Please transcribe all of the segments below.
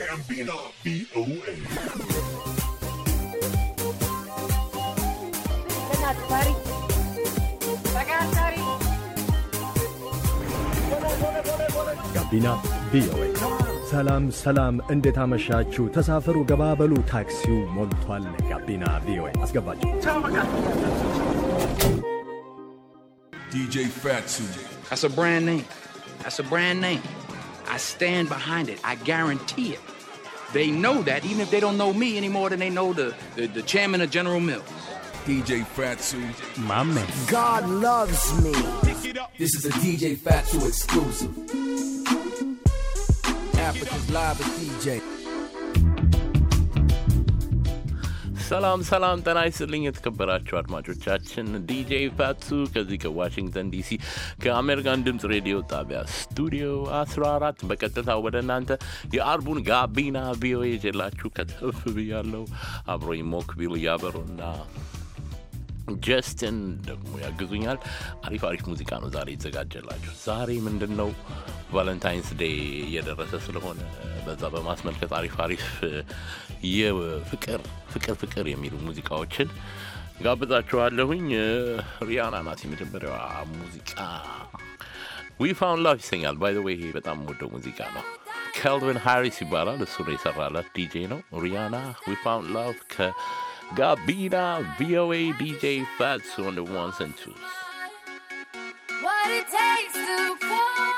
ጋቢና ቪኦኤ ጋቢና ቪኦኤ። ሰላም ሰላም፣ እንዴት አመሻችሁ? ተሳፈሩ፣ ገባበሉ፣ ታክሲው ሞልቷል። ጋቢና ቪኦኤ አስገባችሁ። DJ Fatsu. That's a brand name. That's a brand name. I stand behind it. I guarantee it. They know that, even if they don't know me any more than they know the, the, the chairman of General Mills. DJ Fatsu, my man. God loves me. This is a DJ Fatsu exclusive. Africa's live with DJ. ሰላም ሰላም፣ ጤና ይስጥልኝ የተከበራችሁ አድማጮቻችን፣ ዲጄ ፋቱ ከዚህ ከዋሽንግተን ዲሲ ከአሜሪካን ድምፅ ሬዲዮ ጣቢያ ስቱዲዮ 14 በቀጥታ ወደ እናንተ የአርቡን ጋቢና ቪኦኤ ጀላችሁ ከተፍ አብሮኝ ሞክቢል እያበሩና ጀስትን ደግሞ ያግዙኛል። አሪፍ አሪፍ ሙዚቃ ነው ዛሬ የተዘጋጀላቸው ዛሬ ምንድን ነው ቫለንታይንስ ዴይ እየደረሰ ስለሆነ በዛ በማስመልከት አሪፍ አሪፍ የፍቅር ፍቅር ፍቅር የሚሉ ሙዚቃዎችን ጋብዛችኋለሁኝ። ሪያና ናት የመጀመሪያዋ ሙዚቃ። ዊ ፋውንድ ላቭ ይሰኛል። ባይ ዘ ዌይ ይሄ በጣም ወደው ሙዚቃ ነው። ከልቪን ሃሪስ ይባላል። እሱ ነው የሰራላት ዲጄ ነው። ሪያና ዊ ፋውንድ ላቭ ከ Gabina, VOA DJ Fats on the ones and twos. What it takes to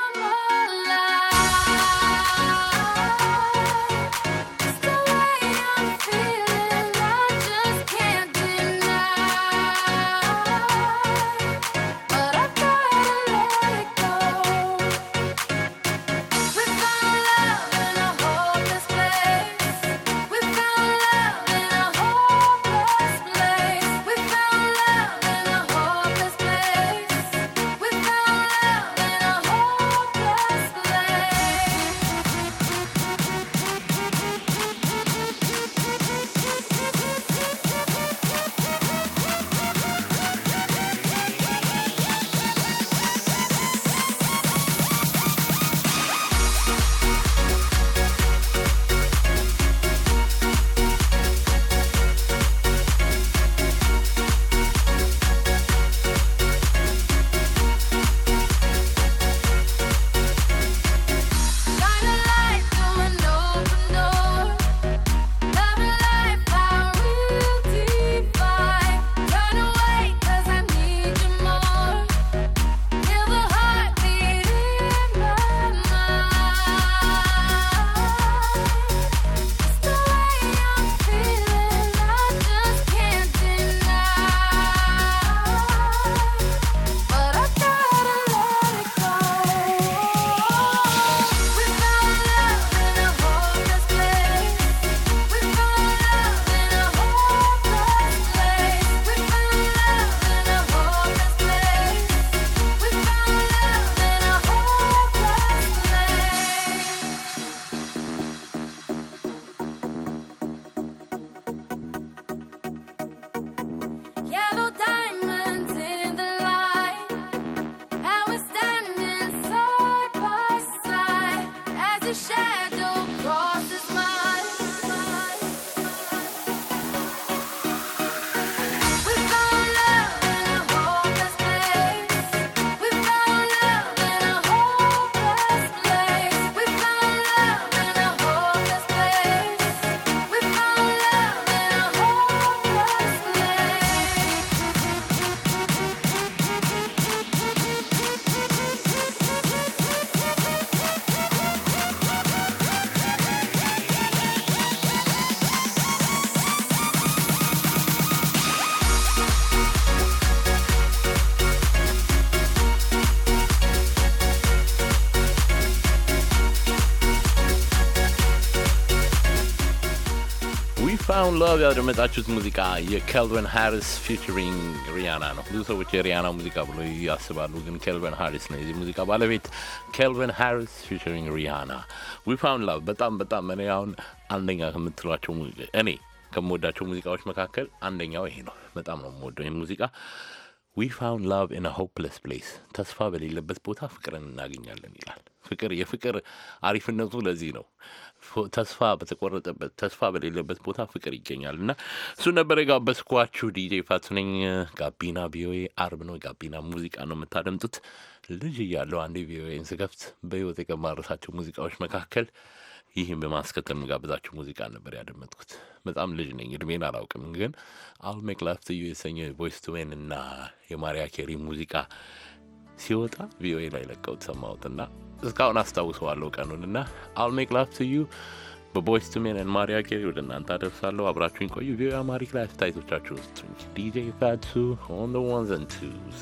to ኦን ሎቭ ያደመጣችሁት ሙዚቃ የኬልቪን ሃሪስ ፊቸሪንግ ሪያና ነው። ብዙ ሰዎች የሪያና ሙዚቃ ብሎ ያስባሉ፣ ግን ኬልቪን ሃሪስ ነው የዚህ ሙዚቃ ባለቤት። ኬልቪን ሃሪስ ፊቸሪንግ ሪያና ዊ ፋውንድ ላቭ። በጣም በጣም እኔ አሁን አንደኛ ከምትሏቸው እኔ ከምወዳቸው ሙዚቃዎች መካከል አንደኛው ይሄ ነው። በጣም ነው የምወደው ይህን ሙዚቃ ዊ ፋውንድ ላቭ ኢን ሆፕለስ ፕሌስ ተስፋ በሌለበት ቦታ ፍቅርን እናገኛለን ይላል። ፍቅር የፍቅር አሪፍነቱ ለዚህ ነው። ተስፋ በተቆረጠበት ተስፋ በሌለበት ቦታ ፍቅር ይገኛል እና እሱ ነበር የጋበዝኳችሁ። ዲጄ ፋቱ ነኝ። ጋቢና ቪኦኤ አርብ ነው። ጋቢና ሙዚቃ ነው የምታደምጡት። ልጅ እያለሁ አንዴ ቪኦኤን ስከፍት በህይወት የቀማረሳቸው ሙዚቃዎች መካከል ይህን በማስከተል መጋበዛችሁ ሙዚቃ ነበር ያደመጥኩት። በጣም ልጅ ነኝ፣ እድሜን አላውቅም፣ ግን አል ሜክ ላቭ ቱ ዩ የተሰኘ ቮይስ ቱ ሜን እና የማሪያ ኬሪ ሙዚቃ ሲወጣ ቪኦኤ ላይ ለቀውት ሰማሁትና እስካሁን አስታውሰዋለሁ ቀኑን እና አል ሜክ ላቭ ቱ ዩ በቮይስ ቱ ሜን ማሪያ ኬሪ ወደ እናንተ አደርሳለሁ። አብራችሁኝ ቆዩ። ቪኦኤ አማሪክ ላይ አስተያየቶቻችሁ ውስጡኝ ዲጄ ፋቱ ኦን ዘ ዋንስ ኤንድ ቱስ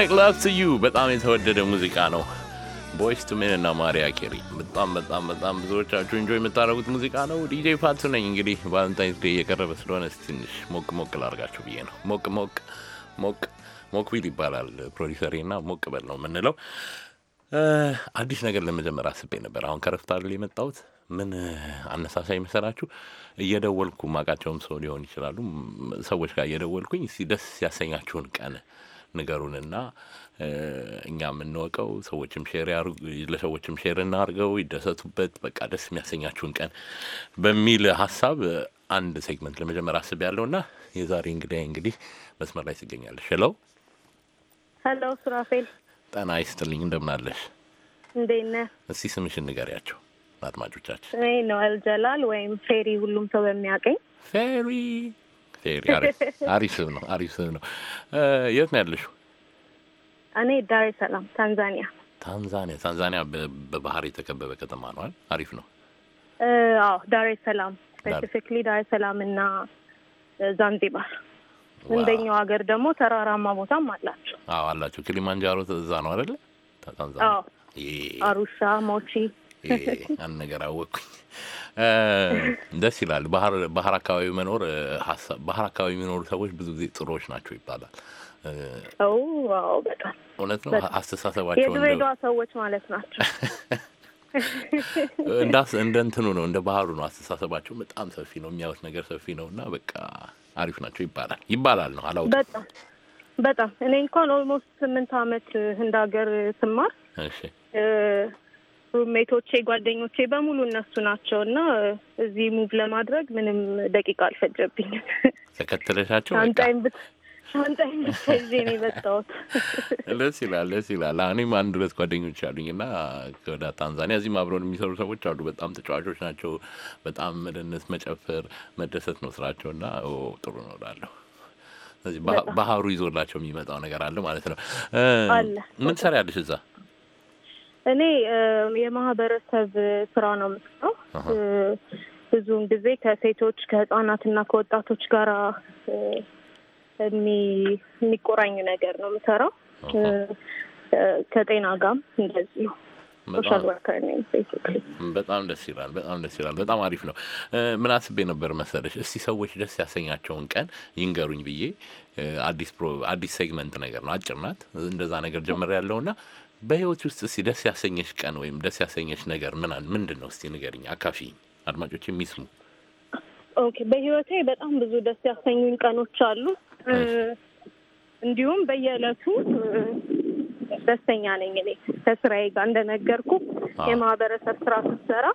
make love to you በጣም የተወደደ ሙዚቃ ነው። ቦይስ ቱ ሜን እና ማሪያ ኬሪ በጣም በጣም በጣም ብዙዎቻችሁ እንጆይ የምታደርጉት ሙዚቃ ነው። ዲጄ ፋቱ ነኝ። እንግዲህ ቫለንታይንስ ዴይ እየቀረበ ስለሆነ ትንሽ ሞቅ ሞቅ ላርጋችሁ ብዬ ነው። ሞቅ ሞቅ ሞቅ ቢል ይባላል ፕሮዲሰሬ እና ሞቅ በል ነው የምንለው። አዲስ ነገር ለመጀመር አስቤ ነበር። አሁን ከረፍት የመጣውት የመጣሁት። ምን አነሳሳይ መሰላችሁ? እየደወልኩ ማቃቸውም ሰው ሊሆን ይችላሉ ሰዎች ጋር እየደወልኩኝ ደስ ያሰኛችሁን ቀን ንገሩንና እኛ የምንወቀው ሰዎችም ሼር ለሰዎችም ሼር እናርገው፣ ይደሰቱበት። በቃ ደስ የሚያሰኛችሁን ቀን በሚል ሀሳብ አንድ ሴግመንት ለመጀመር አስብ ያለውና የዛሬ እንግዲህ እንግዲህ መስመር ላይ ትገኛለሽ። ሄሎ ሄሎ፣ ሱራፌል ጠና ይስጥልኝ፣ እንደምናለሽ? እንዴነ ነህ? እስቲ ስምሽን ንገሪያቸው አድማጮቻችን። እኔ ነው አልጀላል ወይም ፌሪ፣ ሁሉም ሰው በሚያውቀኝ ፌሪ ሄሪ አሪፍ ነው። አሪፍ ስም ነው። የት ነው ያለሽው? እኔ ዳሬ ሰላም ታንዛኒያ። ታንዛኒያ ታንዛኒያ በባህር የተከበበ ከተማ ነዋል። አሪፍ ነው። አዎ ዳሬ ሰላም ስፔሲፊክሊ ዳሬ ሰላም እና ዛንዚባር እንደኛው ሀገር ደግሞ ተራራማ ቦታም አላቸው። አዎ አላቸው። ክሊማንጃሮ እዛ ነው አይደለ? ታንዛኒያ አሩሻ፣ ሞቺ አንድ ነገር አወቅኩኝ። ደስ ይላል። ባህር አካባቢ መኖር ባህር አካባቢ የሚኖሩ ሰዎች ብዙ ጊዜ ጥሩዎች ናቸው ይባላል። እውነት ነው። አስተሳሰባቸው የድሬዳዋ ሰዎች ማለት ናቸው። እንደ እንትኑ ነው፣ እንደ ባህሩ ነው። አስተሳሰባቸው በጣም ሰፊ ነው። የሚያዩት ነገር ሰፊ ነው እና በቃ አሪፍ ናቸው ይባላል ይባላል ነው አላውቅም። በጣም በጣም እኔ እንኳን ኦልሞስት ስምንት አመት ህንድ ሀገር ስማር ሩሜቶቼ፣ ጓደኞቼ በሙሉ እነሱ ናቸው እና እዚህ ሙቭ ለማድረግ ምንም ደቂቃ አልፈጀብኝም። ተከተለሻቸው ሻንጣይም ሻንጣይም ብቻ ይዤ ነው የመጣሁት። ደስ ይላል፣ ደስ ይላል። እኔም አንድ ሁለት ጓደኞች አሉኝ እና ከወደ ታንዛኒያ እዚህም አብረውን የሚሰሩ ሰዎች አሉ። በጣም ተጫዋቾች ናቸው። በጣም መደነስ፣ መጨፈር፣ መደሰት ነው ስራቸው እና ጥሩ ነው እላለሁ። ስለዚህ ባህሩ ይዞላቸው የሚመጣው ነገር አለ ማለት ነው። ምን ትሰሪያለሽ እዛ? እኔ የማህበረሰብ ስራ ነው የምሰራው። ብዙውን ጊዜ ከሴቶች ከህጻናትና ከወጣቶች ጋር የሚቆራኝ ነገር ነው የምሰራው። ከጤና ጋም እንደዚሁ በጣም ደስ ይላል። በጣም ደስ ይላል። በጣም አሪፍ ነው። ምን አስቤ ነበር መሰለሽ፣ እስቲ ሰዎች ደስ ያሰኛቸውን ቀን ይንገሩኝ ብዬ አዲስ ፕሮ አዲስ ሴግመንት ነገር ነው አጭር ናት። እንደዛ ነገር ጀምሬያለሁ እና በህይወት ውስጥ እስቲ ደስ ያሰኘሽ ቀን ወይም ደስ ያሰኘሽ ነገር ምናል ምንድን ነው? እስቲ ንገርኝ፣ አካፊ አድማጮች የሚስሙ። ኦኬ፣ በህይወቴ በጣም ብዙ ደስ ያሰኙኝ ቀኖች አሉ። እንዲሁም በየዕለቱ ደስተኛ ነኝ። እኔ ከስራዬ ጋር እንደነገርኩ የማህበረሰብ ስራ ስትሰራ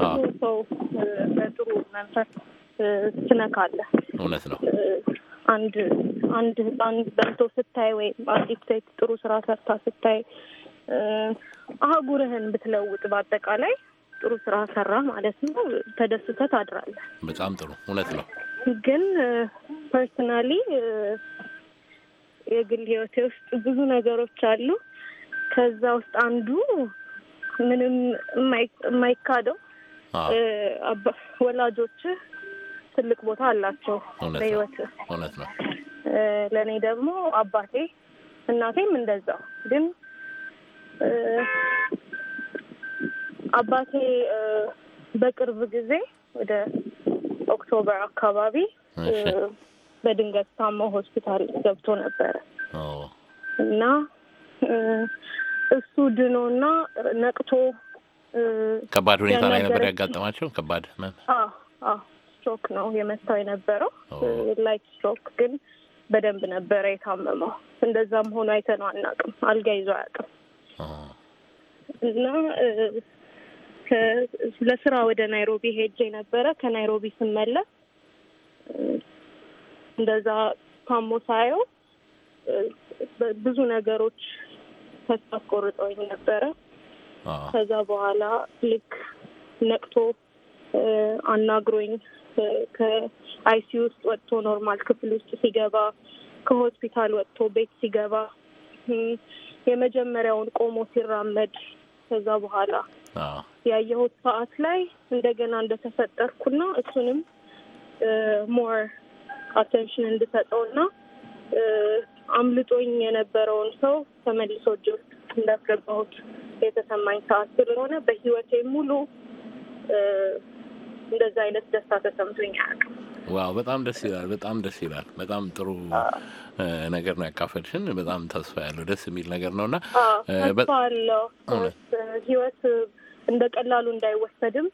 ብዙ ሰው በጥሩ መንፈስ ትነካለህ። እውነት ነው። አንድ አንድ ህፃን በልቶ ስታይ ወይም አንዲት ሴት ጥሩ ስራ ሰርታ ስታይ አህጉርህን ብትለውጥ በአጠቃላይ ጥሩ ስራ ሰራ ማለት ነው። ተደስተህ ታድራለህ። በጣም ጥሩ እውነት ነው። ግን ፐርሰናሊ የግል ህይወቴ ውስጥ ብዙ ነገሮች አሉ። ከዛ ውስጥ አንዱ ምንም የማይካደው ወላጆችህ ትልቅ ቦታ አላቸው በህይወት። እውነት ነው። ለእኔ ደግሞ አባቴ እናቴም እንደዛው። ግን አባቴ በቅርብ ጊዜ ወደ ኦክቶበር አካባቢ በድንገት ታሞ ሆስፒታል ገብቶ ነበረ እና እሱ ድኖ ድኖና ነቅቶ ከባድ ሁኔታ ላይ ነበር ያጋጠማቸው። ከባድ ህመም ስትሮክ ነው የመታው የነበረው። ላይት ስትሮክ ግን በደንብ ነበረ የታመመው። እንደዛም ሆኖ አይተነው አናውቅም። አልጋ ይዞ አያውቅም። እና ለስራ ወደ ናይሮቢ ሄጄ ነበረ። ከናይሮቢ ስመለስ እንደዛ ታሞ ሳየው ብዙ ነገሮች ተስፋ አስቆርጠውኝ ነበረ። ከዛ በኋላ ልክ ነቅቶ አናግሮኝ ከአይሲ ውስጥ ወጥቶ ኖርማል ክፍል ውስጥ ሲገባ፣ ከሆስፒታል ወጥቶ ቤት ሲገባ፣ የመጀመሪያውን ቆሞ ሲራመድ፣ ከዛ በኋላ ያየሁት ሰዓት ላይ እንደገና እንደተፈጠርኩና እሱንም ሞር አቴንሽን እንድሰጠውና አምልጦኝ የነበረውን ሰው ተመልሶ እጅ ውስጥ እንዳስገባሁት የተሰማኝ ሰዓት ስለሆነ በህይወቴ ሙሉ እንደዛ አይነት ደስታ ተሰምቶኝ አያውቅም። ዋው በጣም ደስ ይላል። በጣም ደስ ይላል። በጣም ጥሩ ነገር ነው ያካፈልሽን። በጣም ተስፋ ያለው ደስ የሚል ነገር ነው እና ህይወት እንደ ቀላሉ እንዳይወሰድም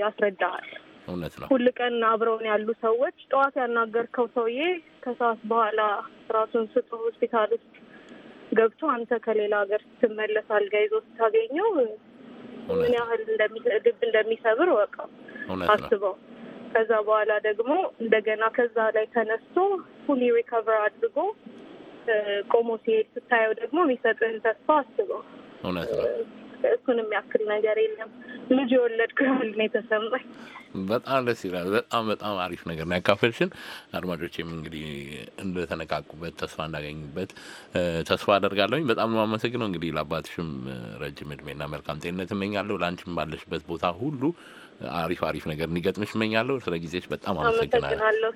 ያስረዳል እውነት ነው። ሁል ቀን አብረውን ያሉ ሰዎች ጠዋት ያናገርከው ሰውዬ ከሰዓት በኋላ ራሱን ስጡ ሆስፒታል ውስጥ ገብቶ አንተ ከሌላ ሀገር ስትመለስ አልጋ ይዞ ስታገኘው ምን ያህል ልብ እንደሚሰብር ወቀው አስበው። ከዛ በኋላ ደግሞ እንደገና ከዛ ላይ ተነስቶ ፉሊ ሪከቨር አድርጎ ቆሞ ሲሄድ ስታየው ደግሞ የሚሰጥህን ተስፋ አስበው። እውነት ነው። እሱን የሚያክል ነገር የለም። ልጅ የወለድኩ ያህል ነው የተሰማኝ። በጣም ደስ ይላል። በጣም በጣም አሪፍ ነገር ነው ያካፈልሽን። አድማጮችም እንግዲህ እንደተነቃቁበት ተስፋ እንዳገኙበት ተስፋ አደርጋለሁኝ። በጣም ነው አመሰግነው። እንግዲህ ለአባትሽም ረጅም እድሜና መልካም ጤንነት እመኛለሁ። ለአንቺም ባለሽበት ቦታ ሁሉ አሪፍ አሪፍ ነገር እንዲገጥምሽ እመኛለሁ። ስለ ጊዜሽ በጣም አመሰግናለሁ።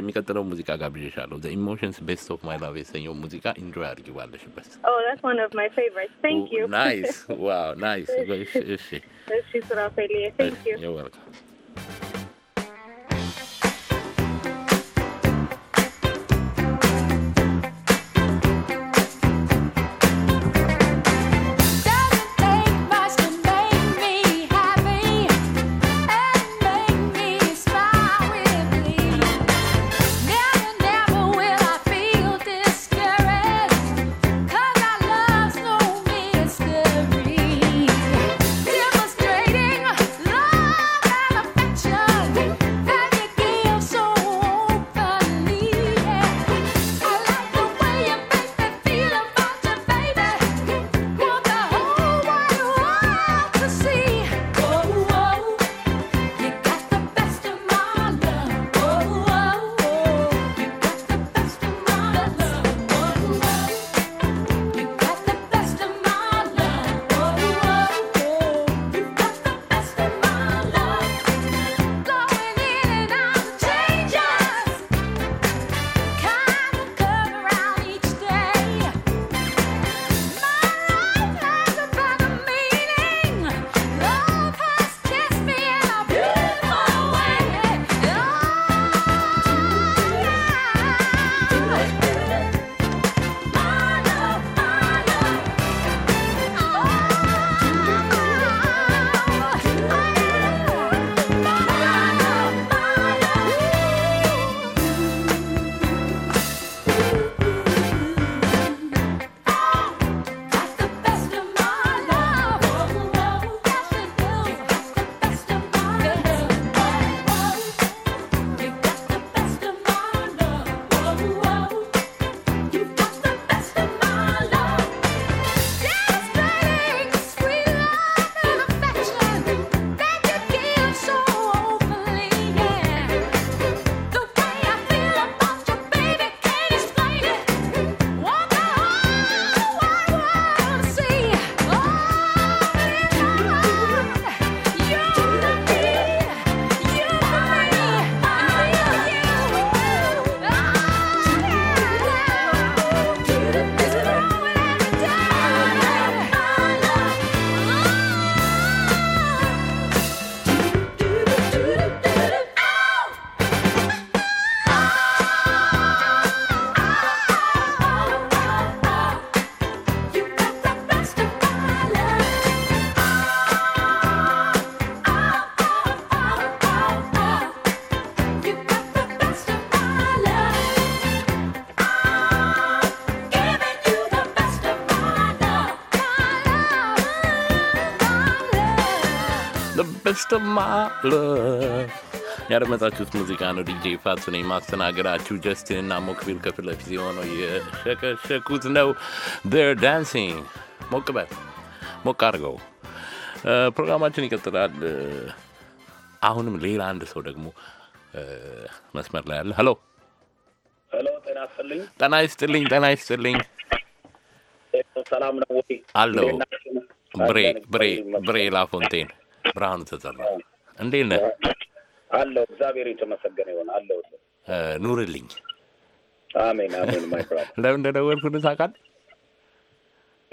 የሚቀጥለው ሙዚቃ ጋብዤሻለሁ። ዘ ኢሞሽንስ ቤስት ኦፍ ማይ ላቭ የሰኘው ሙዚቃ ኢንጆይ አድርጊ ባለሽበት። ናይስ ዋው ናይስ። እሺ፣ እሺ ዩ ፈልዬ ቴስት ማለ ያደመጣችሁት ሙዚቃ ነው። ዲጄ ፋቱ ነኝ ማስተናገዳችሁ። ጀስቲን እና ሞክቢል ከፊት ለፊት የሆነው የሸከሸኩት ነው። ር ዳንሲንግ ሞቅ በል ሞቅ አድርገው። ፕሮግራማችን ይቀጥላል። አሁንም ሌላ አንድ ሰው ደግሞ መስመር ላይ አለ። ሄሎ ሄሎ፣ ጤና ይስጥልኝ። ጤና ይስጥልኝ። ጤና ይስጥልኝ። ሰላም ነው ወይ? አለው ብሬ ብሬ ብሬ ላፎንቴን ብርሃኑ ተጠራ እንዴት ነህ? አለሁ እግዚአብሔር የተመሰገነ ይሆን አለሁ። ኑርልኝ። አሜን አሜን። ማይ ለምን እንደደወልኩልህ ታውቃለህ?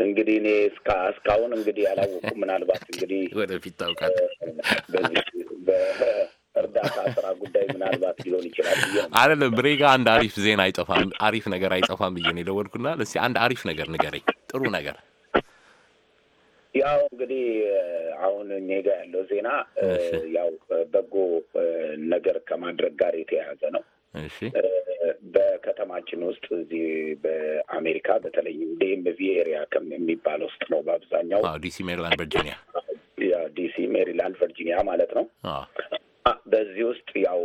እንግዲህ እኔ እስካሁን እንግዲህ አላወኩም። ምናልባት እንግዲህ ወደፊት ታውቃለህ። በእርዳታ ስራ ጉዳይ ምናልባት ሊሆን ይችላል። አይደለም ብሬ ጋ አንድ አሪፍ ዜና አይጠፋም፣ አሪፍ ነገር አይጠፋም ብዬ ነው የደወልኩና እስኪ አንድ አሪፍ ነገር ንገረኝ፣ ጥሩ ነገር ያው እንግዲህ አሁን እኔ ጋ ያለው ዜና ያው በጎ ነገር ከማድረግ ጋር የተያያዘ ነው። በከተማችን ውስጥ እዚህ በአሜሪካ በተለይም ዲኤምቪ ኤሪያ የሚባል ውስጥ ነው በአብዛኛው ዲሲ፣ ሜሪላንድ፣ ቨርጂኒያ ያ ዲሲ፣ ሜሪላንድ፣ ቨርጂኒያ ማለት ነው። በዚህ ውስጥ ያው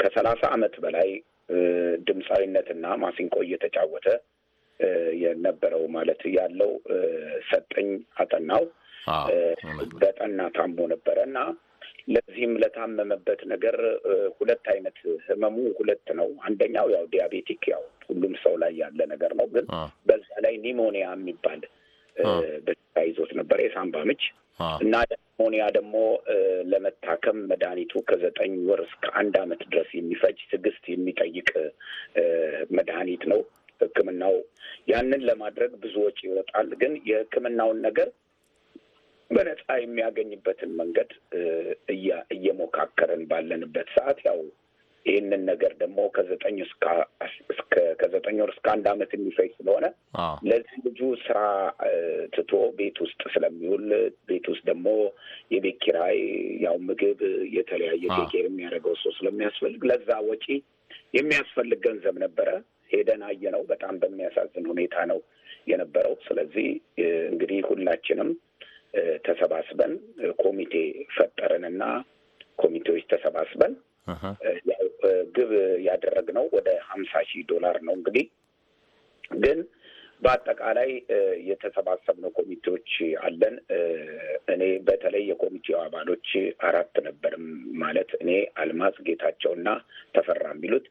ከሰላሳ አመት በላይ ድምፃዊነትና ማሲንቆ እየተጫወተ የነበረው ማለት ያለው ሰጠኝ አጠናው በጠና ታሞ ነበረ እና ለዚህም ለታመመበት ነገር ሁለት አይነት ህመሙ ሁለት ነው። አንደኛው ያው ዲያቤቲክ ያው ሁሉም ሰው ላይ ያለ ነገር ነው። ግን በዛ ላይ ኒሞኒያ የሚባል በሽታ ይዞት ነበር የሳምባ ምች እና ኒሞኒያ ደግሞ ለመታከም መድኃኒቱ ከዘጠኝ ወር እስከ አንድ አመት ድረስ የሚፈጅ ትዕግስት የሚጠይቅ መድኃኒት ነው። ህክምናው ያንን ለማድረግ ብዙ ወጪ ይወጣል። ግን የህክምናውን ነገር በነጻ የሚያገኝበትን መንገድ እየሞካከርን ባለንበት ሰዓት ያው ይህንን ነገር ደግሞ ከዘጠኝ ከዘጠኝ ወር እስከ አንድ ዓመት የሚፈጅ ስለሆነ ለዚህ ልጁ ስራ ትቶ ቤት ውስጥ ስለሚውል ቤት ውስጥ ደግሞ የቤት ኪራይ፣ ያው ምግብ፣ የተለያየ ቴኬር የሚያደርገው ሰው ስለሚያስፈልግ ለዛ ወጪ የሚያስፈልግ ገንዘብ ነበረ። ሄደን አየነው። በጣም በሚያሳዝን ሁኔታ ነው የነበረው። ስለዚህ እንግዲህ ሁላችንም ተሰባስበን ኮሚቴ ፈጠርንና ኮሚቴዎች ተሰባስበን ግብ ያደረግነው ወደ ሀምሳ ሺህ ዶላር ነው እንግዲህ ግን በአጠቃላይ የተሰባሰብነው ኮሚቴዎች አለን። እኔ በተለይ የኮሚቴው አባሎች አራት ነበርም ማለት እኔ አልማዝ ጌታቸውና ተፈራ የሚሉት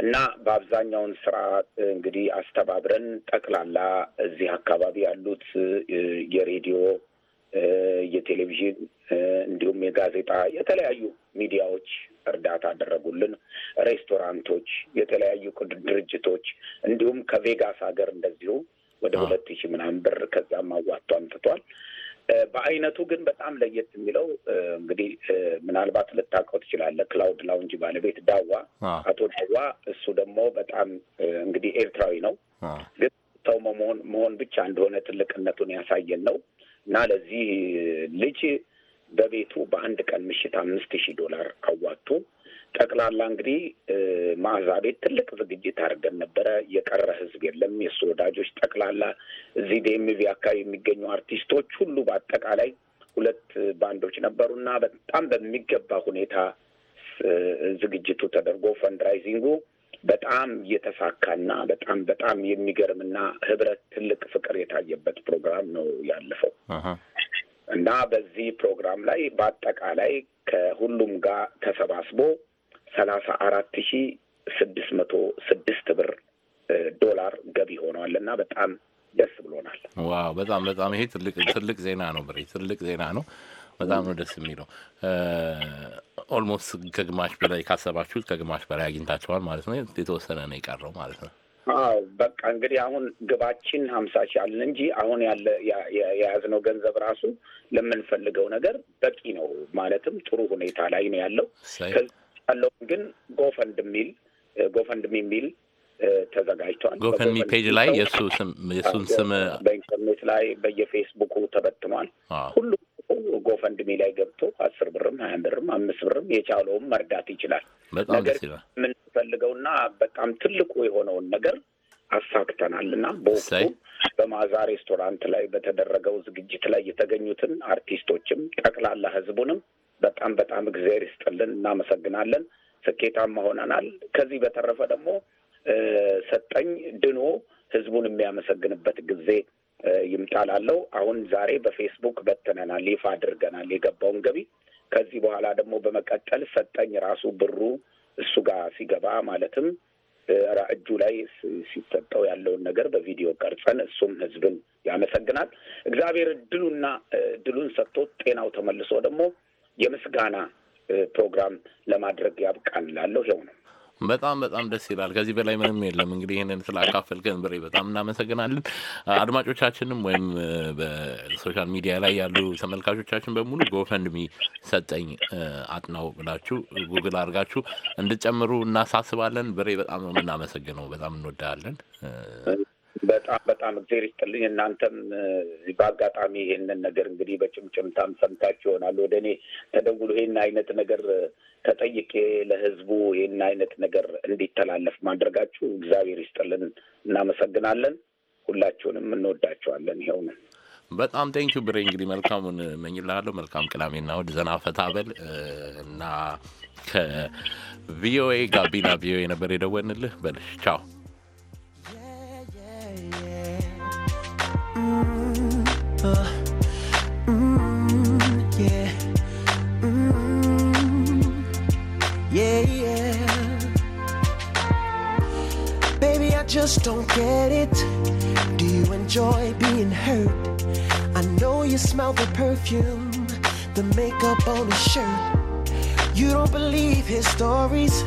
እና በአብዛኛውን ስርዓት እንግዲህ አስተባብረን ጠቅላላ እዚህ አካባቢ ያሉት የሬዲዮ የቴሌቪዥን እንዲሁም የጋዜጣ የተለያዩ ሚዲያዎች እርዳታ አደረጉልን። ሬስቶራንቶች፣ የተለያዩ ድርጅቶች እንዲሁም ከቬጋስ ሀገር እንደዚሁ ወደ ሁለት ሺህ ምናምን ብር ከዛም አዋጥቶ አምጥቷል። በአይነቱ ግን በጣም ለየት የሚለው እንግዲህ ምናልባት ልታውቀው ትችላለህ። ክላውድ ላውንጅ ባለቤት ዳዋ አቶ ዳዋ እሱ ደግሞ በጣም እንግዲህ ኤርትራዊ ነው፣ ግን ሰው መሆን መሆን ብቻ እንደሆነ ትልቅነቱን ያሳየን ነው እና ለዚህ ልጅ በቤቱ በአንድ ቀን ምሽት አምስት ሺህ ዶላር አዋጡ ጠቅላላ እንግዲህ ማዕዛ ቤት ትልቅ ዝግጅት አድርገን ነበረ። የቀረ ህዝብ የለም። የእሱ ወዳጆች ጠቅላላ እዚህ ዴምቪ አካባቢ የሚገኙ አርቲስቶች ሁሉ በአጠቃላይ ሁለት ባንዶች ነበሩና በጣም በሚገባ ሁኔታ ዝግጅቱ ተደርጎ ፈንድራይዚንጉ በጣም የተሳካና በጣም በጣም የሚገርምና ህብረት ትልቅ ፍቅር የታየበት ፕሮግራም ነው ያለፈው እና በዚህ ፕሮግራም ላይ በአጠቃላይ ከሁሉም ጋር ተሰባስቦ ሰላሳ አራት ሺ ስድስት መቶ ስድስት ብር ዶላር ገቢ ሆነዋል እና በጣም ደስ ብሎናል። ዋው በጣም በጣም ይሄ ትልቅ ትልቅ ዜና ነው ብሬ፣ ትልቅ ዜና ነው። በጣም ነው ደስ የሚለው። ኦልሞስት ከግማሽ በላይ ካሰባችሁት ከግማሽ በላይ አግኝታችኋል ማለት ነው። የተወሰነ ነው የቀረው ማለት ነው። አዎ በቃ እንግዲህ አሁን ግባችን ሀምሳ ሺህ አለን እንጂ አሁን ያለ የያዝነው ገንዘብ ራሱ ለምንፈልገው ነገር በቂ ነው። ማለትም ጥሩ ሁኔታ ላይ ነው ያለው። ያለውን ግን ጎፈንድ የሚል ጎፈንድ የሚል ተዘጋጅቷል። ጎፈንድሚ ፔጅ ላይ የእሱ ስም የእሱን ስም በኢንተርኔት ላይ በየፌስቡኩ ተበትኗል። ሁሉ ጎፈንድሚ ላይ ገብቶ አስር ብርም ሀያ ብርም አምስት ብርም የቻለውም መርዳት ይችላል። ነገር የምንፈልገውና በጣም ትልቁ የሆነውን ነገር አሳክተናል እና በወቅቱ በማዛ ሬስቶራንት ላይ በተደረገው ዝግጅት ላይ የተገኙትን አርቲስቶችም ጠቅላላ ህዝቡንም በጣም በጣም እግዚአብሔር ይስጥልን፣ እናመሰግናለን። ስኬታማ ሆነናል። ከዚህ በተረፈ ደግሞ ሰጠኝ ድኖ ህዝቡን የሚያመሰግንበት ጊዜ ይምጣላለው። አሁን ዛሬ በፌስቡክ በትነናል፣ ይፋ አድርገናል የገባውን ገቢ። ከዚህ በኋላ ደግሞ በመቀጠል ሰጠኝ ራሱ ብሩ እሱ ጋር ሲገባ ማለትም እጁ ላይ ሲሰጠው ያለውን ነገር በቪዲዮ ቀርጸን እሱም ህዝብን ያመሰግናል። እግዚአብሔር እድሉና እድሉን ሰጥቶ ጤናው ተመልሶ ደግሞ የምስጋና ፕሮግራም ለማድረግ ያብቃን ላለው ይኸው ነው። በጣም በጣም ደስ ይላል። ከዚህ በላይ ምንም የለም። እንግዲህ ይህንን ስላካፈልከን ብሬ በጣም እናመሰግናለን። አድማጮቻችንም ወይም በሶሻል ሚዲያ ላይ ያሉ ተመልካቾቻችን በሙሉ ጎፈንድሚ ሰጠኝ አጥናው ብላችሁ ጉግል አድርጋችሁ እንድጨምሩ እናሳስባለን። ብሬ በጣም ነው የምናመሰግነው። በጣም እንወዳለን። በጣም በጣም እግዜር ይስጥልኝ። እናንተም በአጋጣሚ ይሄንን ነገር እንግዲህ በጭምጭምታም ሰምታችሁ ይሆናል። ወደ እኔ ተደውሎ ይሄን አይነት ነገር ተጠይቄ ለህዝቡ ይሄን አይነት ነገር እንዲተላለፍ ማድረጋችሁ እግዚአብሔር ይስጥልን። እናመሰግናለን። ሁላችሁንም እንወዳችኋለን። ይኸው ነው። በጣም ቴንኪ ብሬ። እንግዲህ መልካሙን እመኝልሃለሁ። መልካም ቅዳሜና እሑድ ዘና ፈታ በል እና ከቪኦኤ ጋቢና ቪኦኤ ነበር የደወንልህ። በልሽ ቻው Mm, yeah. Mm, yeah, yeah. Baby, I just don't get it. Do you enjoy being hurt? I know you smell the perfume, the makeup on his shirt. You don't believe his stories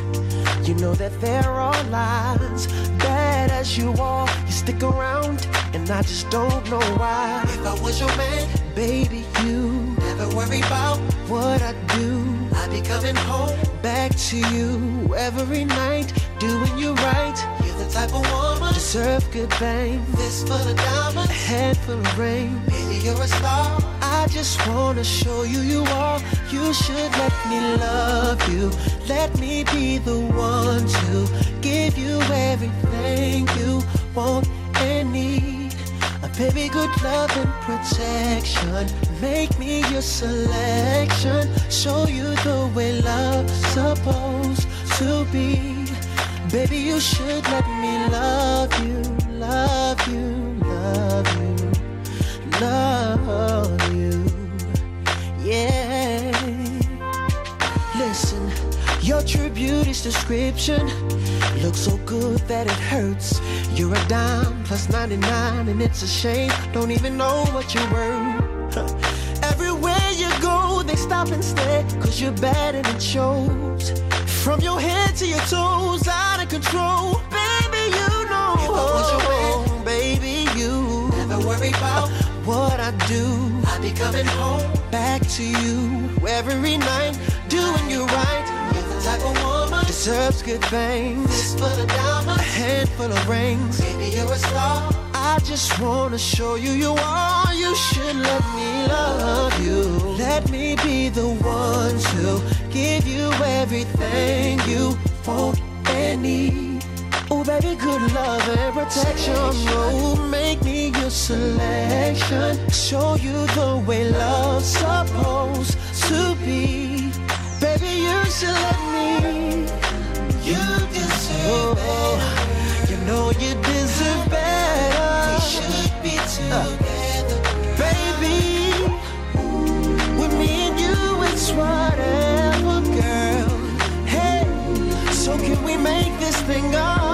you know that there are lies. Bad as you are, you stick around, and I just don't know why. If I was your man, baby, you never worry about what I do. I'd be coming home back to you every night, doing you right. You're the type of one deserve good fame. This full of diamonds, a head full of rain. Baby, you're a star. I just wanna show you you are. You should let me love you. Let me be the one to give you everything you want and need. A baby, good love and protection. Make me your selection. Show you the way love's supposed to be. Baby, you should let me love you, love you, love you, love you. Yeah. Listen, your true beauty's description looks so good that it hurts. You're a dime plus 99, and it's a shame. Don't even know what you were. Everywhere you go, they stop and stare, cause you're better than shows. From your head to your toes, out of control. Baby, you know. If I want you home, baby, you. Never worry about what I do. I'll be coming home. Back to you every night, doing you right. You're the type of woman. Deserves good things. Fist of diamonds. A handful of rings. Baby, you're a star I just wanna show you you are. You should let me love you. Let me be the one to give you everything you want and need. Oh, baby, good love and protection. Oh, make me your selection. Show you the way love's supposed to be. Baby, you should let me. You deserve oh, You know you do baby, with me and you, it's whatever, girl. Hey, so can we make this thing up?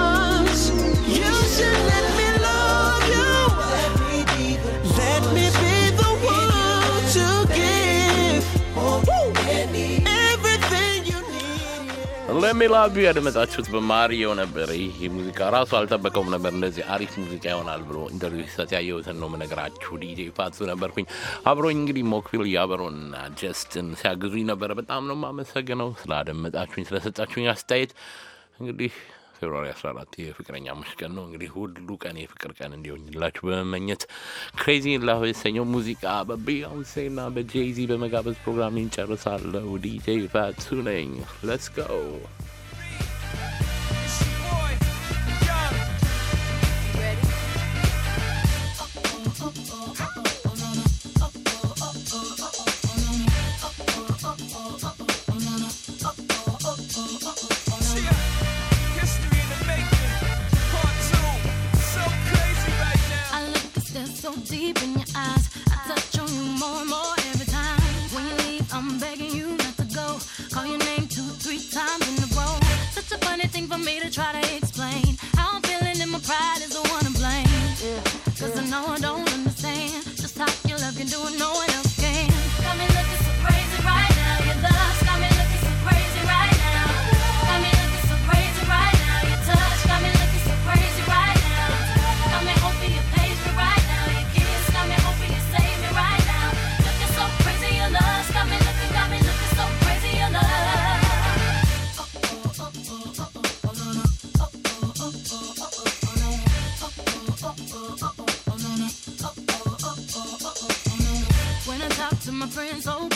ለሜላ ቢዩ ያደመጣችሁት በማሪየው ነበር። ይህ ሙዚቃ ራሱ አልጠበቀውም ነበር እንደዚህ አሪፍ ሙዚቃ ይሆናል ብሎ ኢንተርቪው ሲሰጥ ያየሁትን ነው የምነግራችሁ። ዲጄ ፋቱ ነበርኩኝ። አብሮኝ እንግዲህ ሞክፊል ያበሮና ጀስትን ሲያግዙኝ ነበረ። በጣም ነው የማመሰግነው ስላደመጣችሁኝ፣ ስለሰጣችሁኝ አስተያየት እንግዲህ ፌብርዋሪ 14 የፍቅረኛሞች ቀን ነው። እንግዲህ ሁሉ ቀን የፍቅር ቀን እንዲሆንላችሁ በመመኘት ክሬዚ ላሆ የተሰኘው ሙዚቃ በቢዮንሴና በጄይዚ በመጋበዝ ፕሮግራም እንጨርሳለሁ። ዲጄ ፋቱ ነኝ። ለትስ ጎ friends, oh